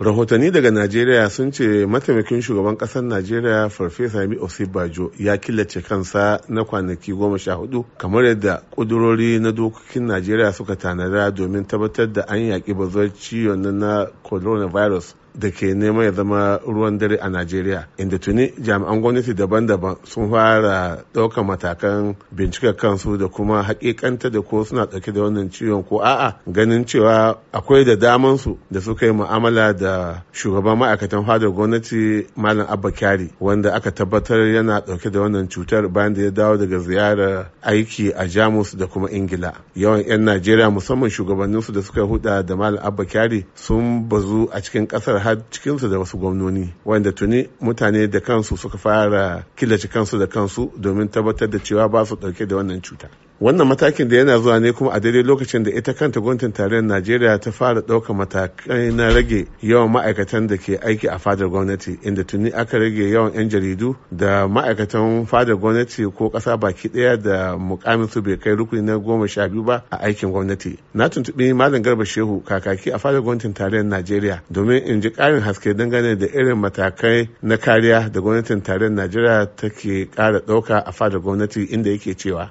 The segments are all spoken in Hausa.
rahotanni daga najeriya sun ce mataimakin shugaban kasar najeriya farfesa mi osibajo ya killace kansa na kwanaki goma sha hudu kamar yadda kudurori na dokokin najeriya suka tanada domin tabbatar da an yaƙi bazuwar ciwon na coronavirus da ke neman ya zama ruwan dare a Najeriya inda tuni jami'an gwamnati daban-daban sun fara ɗaukar matakan bincike kansu da kuma hakikanta da ko suna ɗauke da wannan ciwon ko a'a ganin cewa akwai da daman su da suka yi mu'amala da shugaban ma'aikatan fadar gwamnati Malam Abba Kyari wanda aka tabbatar yana ɗauke da wannan cutar bayan da ya dawo daga ziyarar aiki a Jamus da kuma Ingila. Yawan 'yan Najeriya musamman shugabanninsu da suka huda da Malam Abba Kyari sun bazu a cikin ƙasar har cikinsu da wasu gwamnoni wanda tuni mutane da kansu suka fara killace kansu da kansu domin tabbatar da cewa ba su dauke da wannan cuta wannan matakin da yana zuwa ne kuma a daidai lokacin da ita kanta gwamnatin tarayyar najeriya ta fara ɗaukar matakai na rage yawan ma'aikatan da ke aiki a fadar gwamnati inda tuni aka rage yawan 'yan jaridu da ma'aikatan fadar gwamnati ko ƙasa baki ɗaya da mukamin su bai kai rukuni na goma sha biyu ba a aikin gwamnati na tuntuɓi malam garba shehu kakaki a fadar gwamnatin tarayyar najeriya domin in ji ƙarin haske dangane da irin matakai na kariya da gwamnatin tarayyar najeriya take ƙara ɗauka a fadar gwamnati inda yake cewa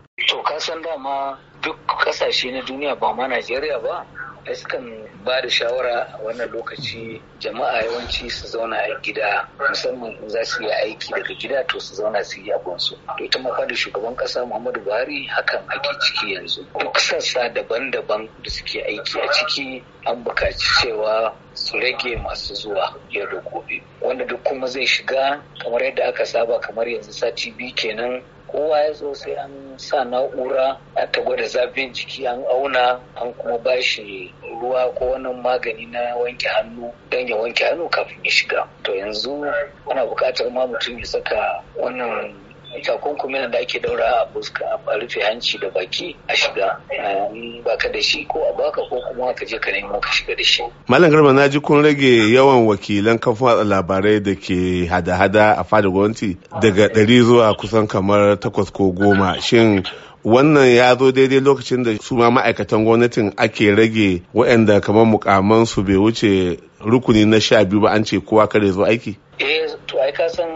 kusan dama duk kasashe na duniya ba ma najeriya ba sukan ba da shawara a wannan lokaci jama'a yawanci su zauna a gida musamman in za su yi aiki daga gida to su zauna su yi su. to ita ma da shugaban kasa muhammadu buhari hakan ake ciki yanzu duk sassa daban-daban da suke aiki a ciki an buƙaci cewa su rage masu zuwa yau da gobe wanda duk kuma zai shiga kamar yadda aka saba kamar yanzu sati biyu kenan kowa ya zo sai an sa na'ura ta gwada zafin jiki an auna an kuma ba shi ruwa ko wani magani na wanke hannu don ya wanke hannu kafin ya shiga to yanzu ana buƙatar ma mutum ya saka wannan takunkumin da ake daura a fuska a rufe hanci da baki a shiga baka da shi ko a baka ko kuma ka je ka nemo ka shiga da shi. Malam Garba na ji kun rage yawan wakilan kafin watsa labarai da ke hada-hada a fadar gwamnati daga ɗari zuwa kusan kamar takwas ko goma shin wannan ya zo daidai lokacin da su ma ma'aikatan gwamnatin ake rage waɗanda kamar mukaman su bai wuce rukuni na sha biyu ba an ce kowa kare zo aiki? Eh, to ai ka san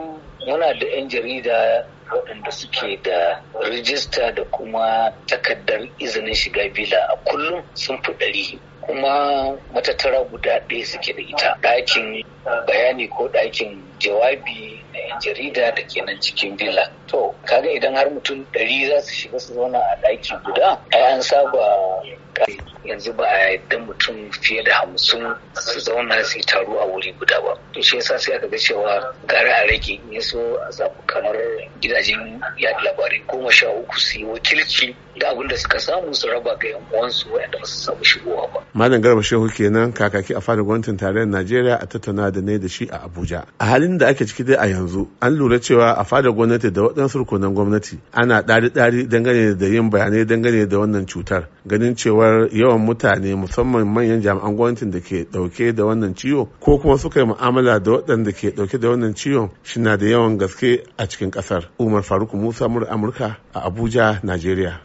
muna da 'yan jarida waɗanda suke da rijista da kuma takardar izinin shiga bila a kullum sun fi ɗari kuma matattara guda ɗaya suke da ita ɗakin bayani ko ɗakin jawabi na 'yan jarida da kenan cikin bila to kaga idan har mutum ɗari za su shiga su zauna a ɗaki guda ai an saba yanzu ba a yadda mutum fiye da hamsin su zauna su yi taro a wuri guda ba to shi yasa sai aka ga cewa gara a rage Ya so a zaɓi kamar gidajen yaɗa labarai goma sha uku su yi wakilci da abin da suka samu su raba ga yan uwansu waɗanda ba su samu shigowa ba. Malam Garba Shehu kenan kakaki a fadar gwamnatin tarayyar Najeriya a tattauna da ne da shi a Abuja. A halin da ake ciki dai a yanzu an lura cewa a fadar gwamnati da waɗansu rukunan gwamnati ana ɗari-ɗari dangane da yin bayanai dangane da wannan cutar ganin cewar yawan yawan mutane musamman manyan jami'an gwamnatin da ke dauke da wannan ciwo ko kuma suka yi mu'amala da waɗanda ke dauke da wannan ciwon shina da yawan gaske a cikin kasar umar faruk musa mura amurka a abuja najeriya